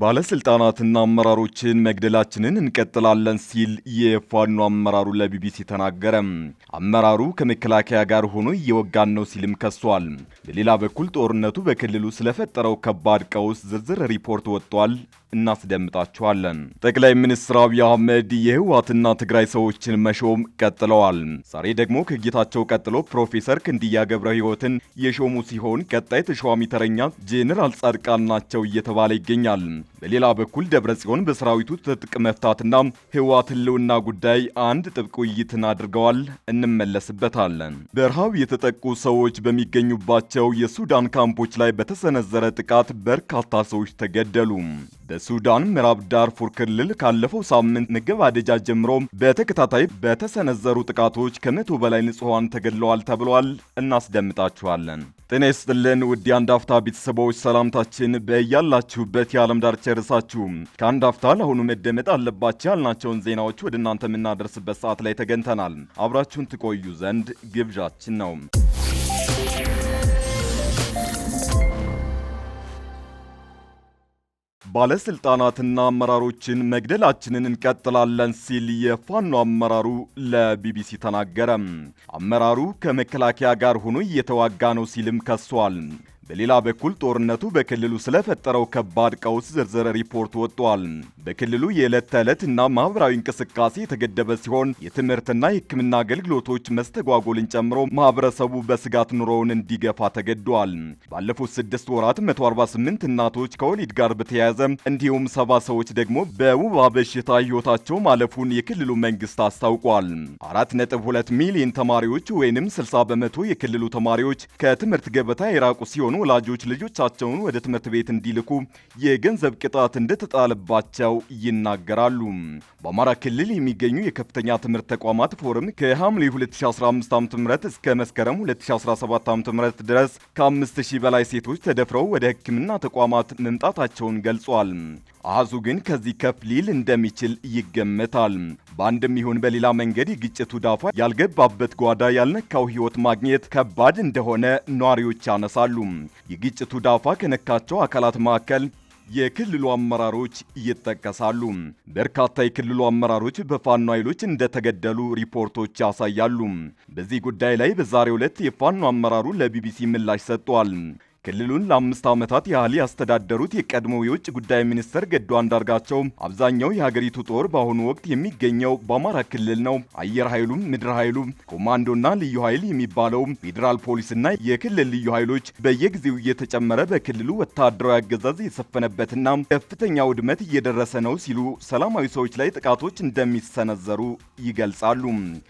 ባለስልጣናትና አመራሮችን መግደላችንን እንቀጥላለን ሲል የፋኖ አመራሩ ለቢቢሲ ተናገረ። አመራሩ ከመከላከያ ጋር ሆኖ እየወጋን ነው ሲልም ከሷል። በሌላ በኩል ጦርነቱ በክልሉ ስለፈጠረው ከባድ ቀውስ ዝርዝር ሪፖርት ወጥቷል። እናስደምጣችኋለን። ጠቅላይ ሚኒስትር አብይ አህመድ የህወሓትና ትግራይ ሰዎችን መሾም ቀጥለዋል። ዛሬ ደግሞ ከጌታቸው ቀጥሎ ፕሮፌሰር ክንድያ ገብረ ህይወትን የሾሙ ሲሆን ቀጣይ ተሿሚ ተረኛ ጄኔራል ጻድቃን ናቸው እየተባለ ይገኛል። በሌላ በኩል ደብረ ጽዮን በሰራዊቱ ትጥቅ መፍታትና ህወሓት ህልውና ጉዳይ አንድ ጥብቅ ውይይትን አድርገዋል። እንመለስበታለን። በረሃብ የተጠቁ ሰዎች በሚገኙባቸው የሱዳን ካምፖች ላይ በተሰነዘረ ጥቃት በርካታ ሰዎች ተገደሉ። በሱዳን ምዕራብ ዳርፉር ክልል ካለፈው ሳምንት መገባደጃ ጀምሮ በተከታታይ በተሰነዘሩ ጥቃቶች ከመቶ በላይ ንጹሐን ተገድለዋል ተብሏል። እናስደምጣችኋለን። ጤና ይስጥልን ውድ የአንድ አፍታ ቤተሰቦች ሰላምታችን በያላችሁበት የዓለም ዳርቻ ይድረሳችሁ። ከአንድ አፍታ ለአሁኑ መደመጥ አለባቸው ያልናቸውን ዜናዎች ወደ እናንተ የምናደርስበት ሰዓት ላይ ተገኝተናል። አብራችሁን ትቆዩ ዘንድ ግብዣችን ነው። ባለስልጣናትና አመራሮችን መግደላችንን እንቀጥላለን ሲል የፋኖ አመራሩ ለቢቢሲ ተናገረ። አመራሩ ከመከላከያ ጋር ሆኖ እየተዋጋ ነው ሲልም ከሷል። በሌላ በኩል ጦርነቱ በክልሉ ስለፈጠረው ከባድ ቀውስ ዝርዝር ሪፖርት ወጥቷል። በክልሉ የዕለት ተዕለት እና ማህበራዊ እንቅስቃሴ የተገደበ ሲሆን የትምህርትና የሕክምና አገልግሎቶች መስተጓጎልን ጨምሮ ማህበረሰቡ በስጋት ኑሮውን እንዲገፋ ተገዷል። ባለፉት ስድስት ወራት 148 እናቶች ከወሊድ ጋር በተያያዘ እንዲሁም ሰባ ሰዎች ደግሞ በውባ በሽታ ህይወታቸው ማለፉን የክልሉ መንግስት አስታውቋል። 4.2 ሚሊዮን ተማሪዎች ወይንም 60 በመቶ የክልሉ ተማሪዎች ከትምህርት ገበታ የራቁ ሲሆኑ የቀን ወላጆች ልጆቻቸውን ወደ ትምህርት ቤት እንዲልኩ የገንዘብ ቅጣት እንደተጣለባቸው ይናገራሉ። በአማራ ክልል የሚገኙ የከፍተኛ ትምህርት ተቋማት ፎረም ከሐምሌ 2015 ዓ.ም እስከ መስከረም 2017 ዓ.ም ድረስ ከ5000 በላይ ሴቶች ተደፍረው ወደ ሕክምና ተቋማት መምጣታቸውን ገልጿል። አሃዙ ግን ከዚህ ከፍ ሊል እንደሚችል ይገመታል። በአንድም ይሁን በሌላ መንገድ የግጭቱ ዳፋ ያልገባበት ጓዳ ያልነካው ሕይወት ማግኘት ከባድ እንደሆነ ነዋሪዎች ያነሳሉ። የግጭቱ ዳፋ ከነካቸው አካላት መካከል የክልሉ አመራሮች ይጠቀሳሉ። በርካታ የክልሉ አመራሮች በፋኖ ኃይሎች እንደተገደሉ ሪፖርቶች ያሳያሉ። በዚህ ጉዳይ ላይ በዛሬው ዕለት የፋኖ አመራሩ ለቢቢሲ ምላሽ ሰጥቷል። ክልሉን ለአምስት ዓመታት ያህል ያስተዳደሩት የቀድሞው የውጭ ጉዳይ ሚኒስትር ገዱ አንዳርጋቸው አብዛኛው የሀገሪቱ ጦር በአሁኑ ወቅት የሚገኘው በአማራ ክልል ነው። አየር ኃይሉም፣ ምድር ኃይሉ፣ ኮማንዶና ልዩ ኃይል የሚባለው ፌዴራል ፖሊስና የክልል ልዩ ኃይሎች በየጊዜው እየተጨመረ በክልሉ ወታደራዊ አገዛዝ የሰፈነበትና ከፍተኛ ውድመት እየደረሰ ነው ሲሉ ሰላማዊ ሰዎች ላይ ጥቃቶች እንደሚሰነዘሩ ይገልጻሉ።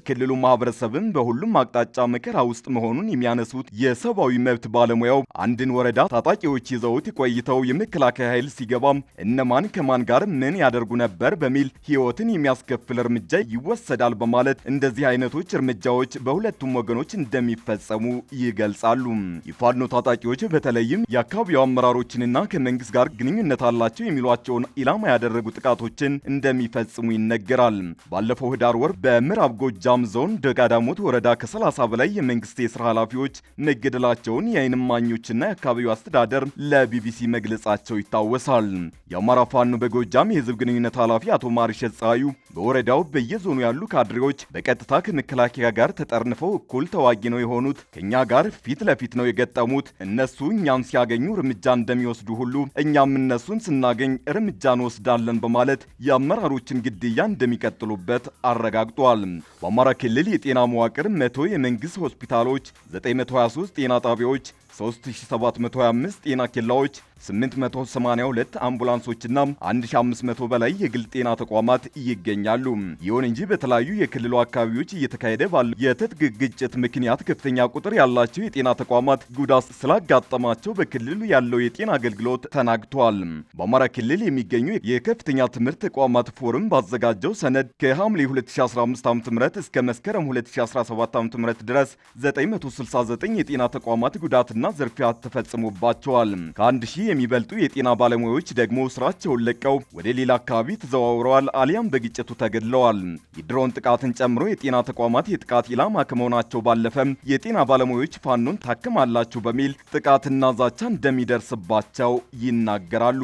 የክልሉ ማህበረሰብም በሁሉም አቅጣጫ መከራ ውስጥ መሆኑን የሚያነሱት የሰብአዊ መብት ባለሙያው አንድ አንድን ወረዳ ታጣቂዎች ይዘውት ቆይተው የመከላከያ ኃይል ሲገባም እነማን ከማን ጋር ምን ያደርጉ ነበር በሚል ህይወትን የሚያስከፍል እርምጃ ይወሰዳል በማለት እንደዚህ አይነቶች እርምጃዎች በሁለቱም ወገኖች እንደሚፈጸሙ ይገልጻሉ። የፋኖ ታጣቂዎች በተለይም የአካባቢው አመራሮችንና ከመንግስት ጋር ግንኙነት አላቸው የሚሏቸውን ኢላማ ያደረጉ ጥቃቶችን እንደሚፈጽሙ ይነገራል። ባለፈው ህዳር ወር በምዕራብ ጎጃም ዞን ደጋዳሞት ወረዳ ከ30 በላይ የመንግስት የስራ ኃላፊዎች መገደላቸውን የአይን እማኞችና የአካባቢው አስተዳደር ለቢቢሲ መግለጻቸው ይታወሳል። የአማራ ፋኖ በጎጃም የህዝብ ግንኙነት ኃላፊ አቶ ማሪሸት ፀሐዩ በወረዳው በየዞኑ ያሉ ካድሬዎች በቀጥታ ከመከላከያ ጋር ተጠርንፈው እኩል ተዋጊ ነው የሆኑት፣ ከእኛ ጋር ፊት ለፊት ነው የገጠሙት። እነሱ እኛም ሲያገኙ እርምጃ እንደሚወስዱ ሁሉ እኛም እነሱን ስናገኝ እርምጃ እንወስዳለን በማለት የአመራሮችን ግድያ እንደሚቀጥሉበት አረጋግጧል። በአማራ ክልል የጤና መዋቅር መቶ የመንግስት ሆስፒታሎች፣ 923 ጤና ጣቢያዎች 3725 ጤና ኬላዎች 882 አምቡላንሶችና 1500 በላይ የግል ጤና ተቋማት ይገኛሉ። ይሁን እንጂ በተለያዩ የክልሉ አካባቢዎች እየተካሄደ ባለው የትጥቅ ግጭት ምክንያት ከፍተኛ ቁጥር ያላቸው የጤና ተቋማት ጉዳት ስላጋጠማቸው በክልሉ ያለው የጤና አገልግሎት ተናግቷል። በአማራ ክልል የሚገኙ የከፍተኛ ትምህርት ተቋማት ፎረም ባዘጋጀው ሰነድ ከሐምሌ 2015 ዓ.ም እስከ መስከረም 2017 ዓ.ም ድረስ 969 የጤና ተቋማት ጉዳትና ዝርፊያ ተፈጽሞባቸዋል ከ1 የሚበልጡ የጤና ባለሙያዎች ደግሞ ስራቸውን ለቀው ወደ ሌላ አካባቢ ተዘዋውረዋል አሊያም በግጭቱ ተገድለዋል። የድሮን ጥቃትን ጨምሮ የጤና ተቋማት የጥቃት ኢላማ ከመሆናቸው ባለፈም የጤና ባለሙያዎች ፋኖን ታክማላችሁ በሚል ጥቃትና ዛቻ እንደሚደርስባቸው ይናገራሉ።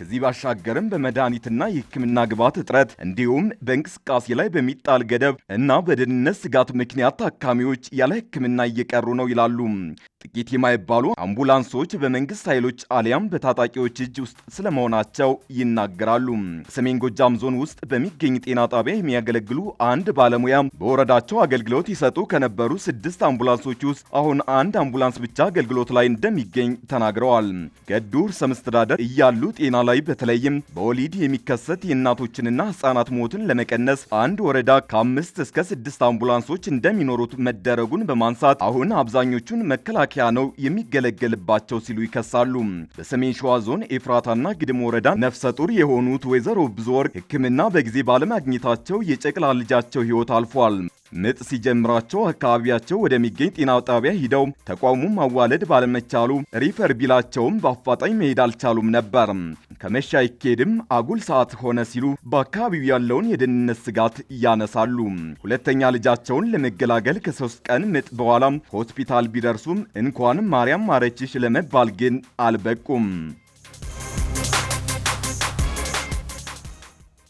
ከዚህ ባሻገርም በመድኃኒትና የሕክምና ግብዓት እጥረት እንዲሁም በእንቅስቃሴ ላይ በሚጣል ገደብ እና በደህንነት ስጋት ምክንያት ታካሚዎች ያለ ሕክምና እየቀሩ ነው ይላሉ። ጥቂት የማይባሉ አምቡላንሶች በመንግስት ኃይሎች አሊያም በታጣቂዎች እጅ ውስጥ ስለመሆናቸው ይናገራሉ። ሰሜን ጎጃም ዞን ውስጥ በሚገኝ ጤና ጣቢያ የሚያገለግሉ አንድ ባለሙያ በወረዳቸው አገልግሎት ይሰጡ ከነበሩ ስድስት አምቡላንሶች ውስጥ አሁን አንድ አምቡላንስ ብቻ አገልግሎት ላይ እንደሚገኝ ተናግረዋል። ገዱ ርዕሰ መስተዳደር እያሉ ጤና ላይ በተለይም በወሊድ የሚከሰት የእናቶችንና ህጻናት ሞትን ለመቀነስ አንድ ወረዳ ከአምስት እስከ ስድስት አምቡላንሶች እንደሚኖሩት መደረጉን በማንሳት አሁን አብዛኞቹን መከላከያ ነው የሚገለገልባቸው ሲሉ ይከሳሉ። በሰሜን ሸዋ ዞን ኤፍራታና ግድም ወረዳ ነፍሰ ጡር የሆኑት ወይዘሮ ብዙወርቅ ሕክምና በጊዜ ባለማግኘታቸው የጨቅላ ልጃቸው ሕይወት አልፏል። ምጥ ሲጀምራቸው አካባቢያቸው ወደሚገኝ ጤና ጣቢያ ሂደው ተቋሙ ማዋለድ ባለመቻሉ ሪፈር ቢላቸውም በአፋጣኝ መሄድ አልቻሉም ነበር። ከመሻ ይኬድም አጉል ሰዓት ሆነ ሲሉ በአካባቢው ያለውን የደህንነት ስጋት ያነሳሉ። ሁለተኛ ልጃቸውን ለመገላገል ከሶስት ቀን ምጥ በኋላ ሆስፒታል ቢደርሱም እንኳን ማርያም ማረችሽ ለመባል ግን አልበቁም።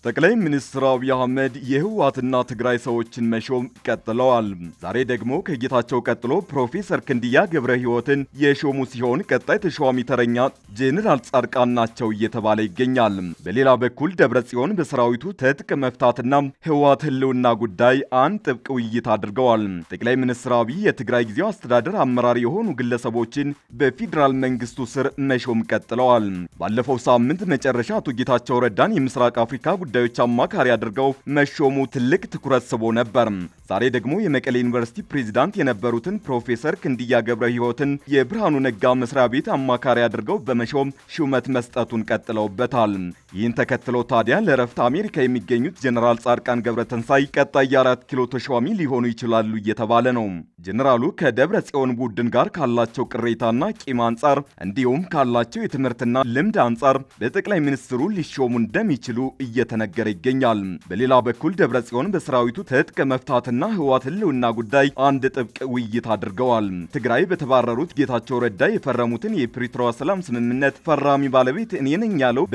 ጠቅላይ ሚኒስትር አብይ አህመድ የህወሓትና ትግራይ ሰዎችን መሾም ቀጥለዋል። ዛሬ ደግሞ ከጌታቸው ቀጥሎ ፕሮፌሰር ክንድያ ገብረ ህይወትን የሾሙ ሲሆን ቀጣይ ተሿሚ ተረኛ ጄኔራል ጻድቃን ናቸው እየተባለ ይገኛል። በሌላ በኩል ደብረ ጽዮን በሰራዊቱ ትጥቅ መፍታትና ህወሓት ህልውና ጉዳይ አንድ ጥብቅ ውይይት አድርገዋል። ጠቅላይ ሚኒስትር አብይ የትግራይ ጊዜው አስተዳደር አመራር የሆኑ ግለሰቦችን በፌዴራል መንግስቱ ስር መሾም ቀጥለዋል። ባለፈው ሳምንት መጨረሻ አቶ ጌታቸው ረዳን የምስራቅ አፍሪካ ጉዳዮች አማካሪ አድርገው መሾሙ ትልቅ ትኩረት ስቦ ነበር። ዛሬ ደግሞ የመቀሌ ዩኒቨርሲቲ ፕሬዚዳንት የነበሩትን ፕሮፌሰር ክንድያ ገብረ ሕይወትን የብርሃኑ ነጋ መስሪያ ቤት አማካሪ አድርገው በመሾም ሹመት መስጠቱን ቀጥለውበታል። ይህን ተከትሎ ታዲያ ለረፍት አሜሪካ የሚገኙት ጀኔራል ጻድቃን ገብረ ተንሳይ ቀጣይ የአራት ኪሎ ተሿሚ ሊሆኑ ይችላሉ እየተባለ ነው። ጀኔራሉ ከደብረ ጽዮን ቡድን ጋር ካላቸው ቅሬታና ቂም አንጻር እንዲሁም ካላቸው የትምህርትና ልምድ አንጻር በጠቅላይ ሚኒስትሩ ሊሾሙ እንደሚችሉ እየተነ እየተነገረ ይገኛል። በሌላ በኩል ጽዮን በሰራዊቱ ትጥቅ መፍታትና ህወሓት ህልውና ጉዳይ አንድ ጥብቅ ውይይት አድርገዋል። ትግራይ በተባረሩት ጌታቸው ረዳ የፈረሙትን የፕሪቶሪያ ሰላም ስምምነት ፈራሚ ባለቤት እኔ ነኝ ያለው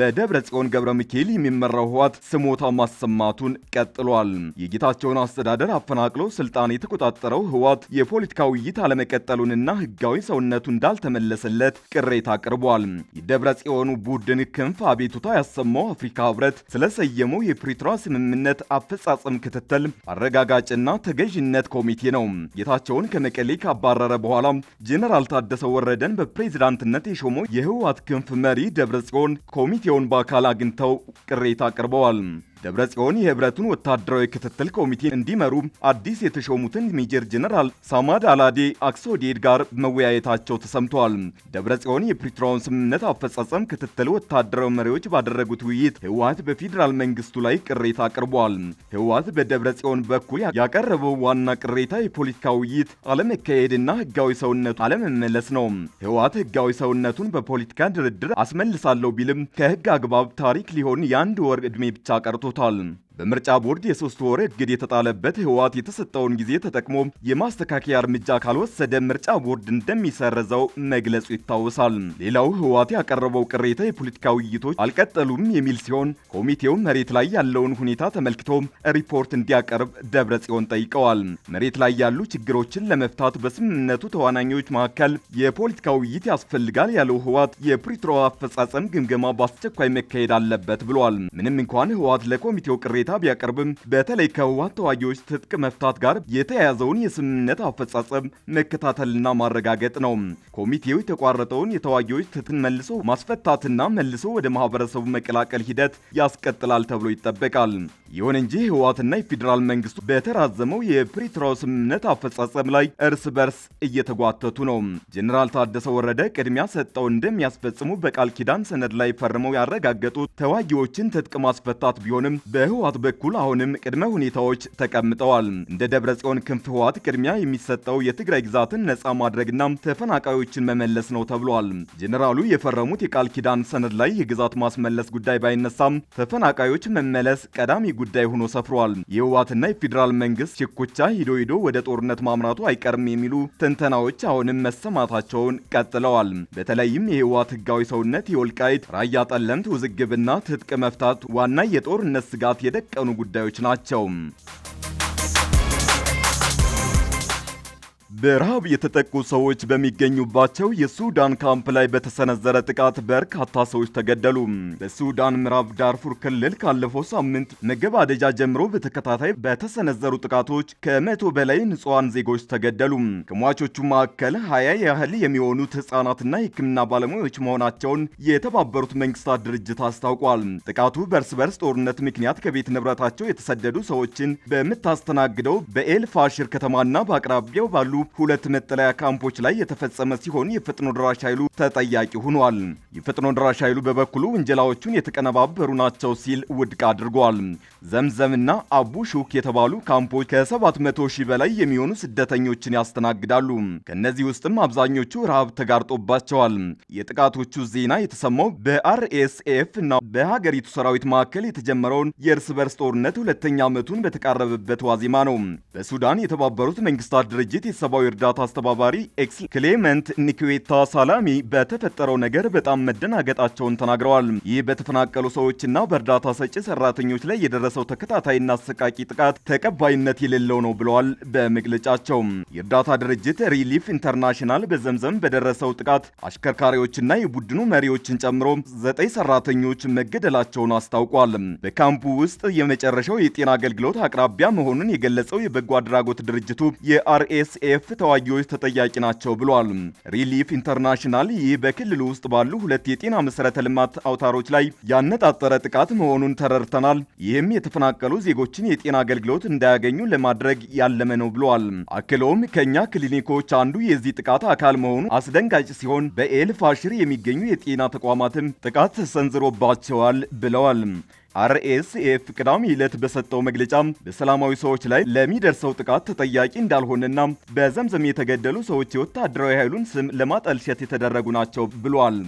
ጽዮን ገብረ ሚካኤል የሚመራው ህወሓት ስሞታ ማሰማቱን ቀጥሏል። የጌታቸውን አስተዳደር አፈናቅሎ ስልጣን የተቆጣጠረው ህወሓት የፖለቲካ ውይይት አለመቀጠሉንና ህጋዊ ሰውነቱ እንዳልተመለሰለት ቅሬታ አቅርቧል። ጽዮኑ ቡድን ክንፍ አቤቱታ ያሰማው አፍሪካ ህብረት ስለሰየ የሰየመው የፕሪቶሪያ ስምምነት አፈጻጸም ክትትል አረጋጋጭና ተገዥነት ኮሚቴ ነው። ጌታቸውን ከመቀሌ ካባረረ በኋላ ጄኔራል ታደሰ ወረደን በፕሬዝዳንትነት የሾመው የህወሓት ክንፍ መሪ ደብረ ጽዮን ኮሚቴውን በአካል አግኝተው ቅሬታ አቅርበዋል። ደብረ ጽዮን የህብረቱን ወታደራዊ ክትትል ኮሚቴ እንዲመሩ አዲስ የተሾሙትን ሜጀር ጀነራል ሳማድ አላዴ አክሶዴድ ጋር መወያየታቸው ተሰምተዋል። ጽዮን የፕሪቶሪያውን ስምምነት አፈጻጸም ክትትል ወታደራዊ መሪዎች ባደረጉት ውይይት ህወሀት በፌዴራል መንግስቱ ላይ ቅሬታ አቅርቧል። ህወሀት ጽዮን በኩል ያቀረበው ዋና ቅሬታ የፖለቲካ ውይይት አለመካሄድና ህጋዊ ሰውነቱ አለመመለስ ነው። ህወሀት ህጋዊ ሰውነቱን በፖለቲካ ድርድር አስመልሳለሁ ቢልም ከህግ አግባብ ታሪክ ሊሆን የአንድ ወር ዕድሜ ብቻ ቀርቶ portalın በምርጫ ቦርድ የሶስት ወር እግድ የተጣለበት ህወሓት የተሰጠውን ጊዜ ተጠቅሞ የማስተካከያ እርምጃ ካልወሰደ ምርጫ ቦርድ እንደሚሰረዘው መግለጹ ይታወሳል። ሌላው ህወሓት ያቀረበው ቅሬታ የፖለቲካ ውይይቶች አልቀጠሉም የሚል ሲሆን ኮሚቴው መሬት ላይ ያለውን ሁኔታ ተመልክቶ ሪፖርት እንዲያቀርብ ደብረ ጽዮን ጠይቀዋል። መሬት ላይ ያሉ ችግሮችን ለመፍታት በስምምነቱ ተዋናኞች መካከል የፖለቲካ ውይይት ያስፈልጋል ያለው ህወሓት የፕሪቶሪያ አፈጻጸም ግምገማ በአስቸኳይ መካሄድ አለበት ብሏል። ምንም እንኳን ህወሓት ለኮሚቴው ቅሬታ ቅሬታ ቢያቀርብም በተለይ ከህወሓት ተዋጊዎች ትጥቅ መፍታት ጋር የተያያዘውን የስምምነት አፈጻጸም መከታተልና ማረጋገጥ ነው። ኮሚቴው የተቋረጠውን የተዋጊዎች ትጥቅን መልሶ ማስፈታትና መልሶ ወደ ማህበረሰቡ መቀላቀል ሂደት ያስቀጥላል ተብሎ ይጠበቃል። ይሁን እንጂ ህወሓትና የፌዴራል መንግስቱ በተራዘመው የፕሪቶሪያው ስምምነት አፈጻጸም ላይ እርስ በርስ እየተጓተቱ ነው። ጀኔራል ታደሰ ወረደ ቅድሚያ ሰጠው እንደሚያስፈጽሙ በቃል ኪዳን ሰነድ ላይ ፈርመው ያረጋገጡት ተዋጊዎችን ትጥቅ ማስፈታት ቢሆንም በህወሓት በኩል አሁንም ቅድመ ሁኔታዎች ተቀምጠዋል። እንደ ደብረ ጽዮን ክንፍ ህወሓት ቅድሚያ የሚሰጠው የትግራይ ግዛትን ነጻ ማድረግና ተፈናቃዮችን መመለስ ነው ተብሏል። ጀኔራሉ የፈረሙት የቃል ኪዳን ሰነድ ላይ የግዛት ማስመለስ ጉዳይ ባይነሳም ተፈናቃዮች መመለስ ቀዳሚ ጉዳይ ሆኖ ሰፍሯል። የህወሓትና የፌዴራል መንግስት ሽኩቻ ሂዶ ሂዶ ወደ ጦርነት ማምራቱ አይቀርም የሚሉ ትንተናዎች አሁንም መሰማታቸውን ቀጥለዋል። በተለይም የህወሓት ህጋዊ ሰውነት የወልቃይት ራያ ጠለምት ውዝግብና ትጥቅ መፍታት ዋና የጦርነት ስጋት የደቀኑ ጉዳዮች ናቸው። በረሃብ የተጠቁ ሰዎች በሚገኙባቸው የሱዳን ካምፕ ላይ በተሰነዘረ ጥቃት በርካታ ሰዎች ተገደሉ። በሱዳን ምዕራብ ዳርፉር ክልል ካለፈው ሳምንት መገባደጃ ጀምሮ በተከታታይ በተሰነዘሩ ጥቃቶች ከመቶ በላይ ንጹሐን ዜጎች ተገደሉ። ከሟቾቹ መካከል ሀያ ያህል የሚሆኑት ህጻናትና የህክምና ባለሙያዎች መሆናቸውን የተባበሩት መንግስታት ድርጅት አስታውቋል። ጥቃቱ በእርስ በርስ ጦርነት ምክንያት ከቤት ንብረታቸው የተሰደዱ ሰዎችን በምታስተናግደው በኤልፋሽር ከተማና በአቅራቢያው ባሉ ሁለት መጠለያ ካምፖች ላይ የተፈጸመ ሲሆን የፈጥኖ ድራሽ ኃይሉ ተጠያቂ ሆኗል። የፈጥኖ ድራሽ ኃይሉ በበኩሉ ውንጀላዎቹን የተቀነባበሩ ናቸው ሲል ውድቅ አድርጓል። ዘምዘምና አቡ ሹክ የተባሉ ካምፖች ከ700 ሺህ በላይ የሚሆኑ ስደተኞችን ያስተናግዳሉ። ከእነዚህ ውስጥም አብዛኞቹ ረሃብ ተጋርጦባቸዋል። የጥቃቶቹ ዜና የተሰማው በአርኤስኤፍ እና በሀገሪቱ ሰራዊት መካከል የተጀመረውን የእርስ በርስ ጦርነት ሁለተኛ ዓመቱን በተቃረበበት ዋዜማ ነው። በሱዳን የተባበሩት መንግስታት ድርጅት የሰብአዊ እርዳታ አስተባባሪ ኤክስ ክሌመንት ኒኩዌታ ሳላሚ በተፈጠረው ነገር በጣም መደናገጣቸውን ተናግረዋል። ይህ በተፈናቀሉ ሰዎችና በእርዳታ ሰጪ ሰራተኞች ላይ የደረሰው ተከታታይና አሰቃቂ ጥቃት ተቀባይነት የሌለው ነው ብለዋል። በመግለጫቸው የእርዳታ ድርጅት ሪሊፍ ኢንተርናሽናል በዘምዘም በደረሰው ጥቃት አሽከርካሪዎችና የቡድኑ መሪዎችን ጨምሮ ዘጠኝ ሰራተኞች መገደላቸውን አስታውቋል። በካምፑ ውስጥ የመጨረሻው የጤና አገልግሎት አቅራቢያ መሆኑን የገለጸው የበጎ አድራጎት ድርጅቱ የአርኤስ የቲዲኤፍ ተዋጊዎች ተጠያቂ ናቸው ብሏል። ሪሊፍ ኢንተርናሽናል ይህ በክልሉ ውስጥ ባሉ ሁለት የጤና መሰረተ ልማት አውታሮች ላይ ያነጣጠረ ጥቃት መሆኑን ተረድተናል። ይህም የተፈናቀሉ ዜጎችን የጤና አገልግሎት እንዳያገኙ ለማድረግ ያለመ ነው ብለዋል። አክለውም ከእኛ ክሊኒኮች አንዱ የዚህ ጥቃት አካል መሆኑ አስደንጋጭ ሲሆን በኤል ፋሽር የሚገኙ የጤና ተቋማትም ጥቃት ተሰንዝሮባቸዋል ብለዋል። አርኤስኤፍ ቅዳሜ ዕለት በሰጠው መግለጫ በሰላማዊ ሰዎች ላይ ለሚደርሰው ጥቃት ተጠያቂ እንዳልሆነና በዘምዘም የተገደሉ ሰዎች የወታደራዊ ኃይሉን ስም ለማጠልሸት የተደረጉ ናቸው ብሏል።